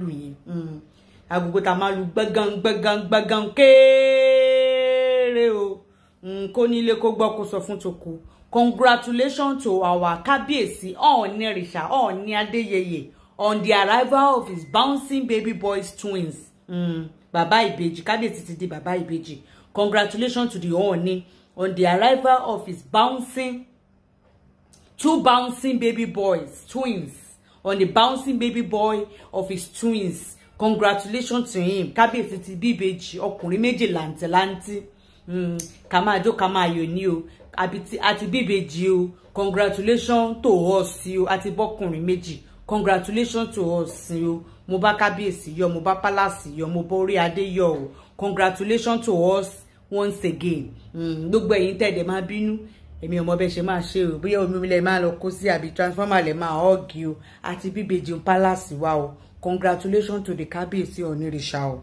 lù yẹn agogo mm. tá máa lu gbẹ́gàn gbẹ́gàn gbẹ́gàn kéèrè o mm, kó nílé kó gbọ́ kó sọ fún toko congratulations to our kábíyèsí ọ̀ọ́ni rìṣà ọ̀ọ́ni adéyẹyẹ on the arrival of his bouncing baby boys twins mm. bàbá ìbejì kábíyèsí ti di bàbá ìbejì congratulations to the ọ̀ọ́ni on the arrival of his bouncing two bouncing baby boys twins on the bouncing baby boy of his twins congratulations to him kábíyèsí ti bí ìbejì ọkùnrin méjì lanti lanti. Hmm, máa jó ká máa yọ̀ ní o àti bí ìbejì o congratulations to us o Ati bọ́kùnrin méjì congratulations to us o mo bá kábíyèsí yọ̀ mo bá pálásì yọ̀ mo bá orí adé congratulations to us once again hmm, gbogbo ẹ̀yin tẹ̀dẹ̀ máa bínú èmi ò mọ bẹ́ẹ̀ ṣe máa ṣe o bóyá omi lẹ máa lọ kó sí àbí transformer lẹ máa ọ́ọ̀gì o àti bíbejì palace wa o congratulations to the kábíyèsí onírìṣà o.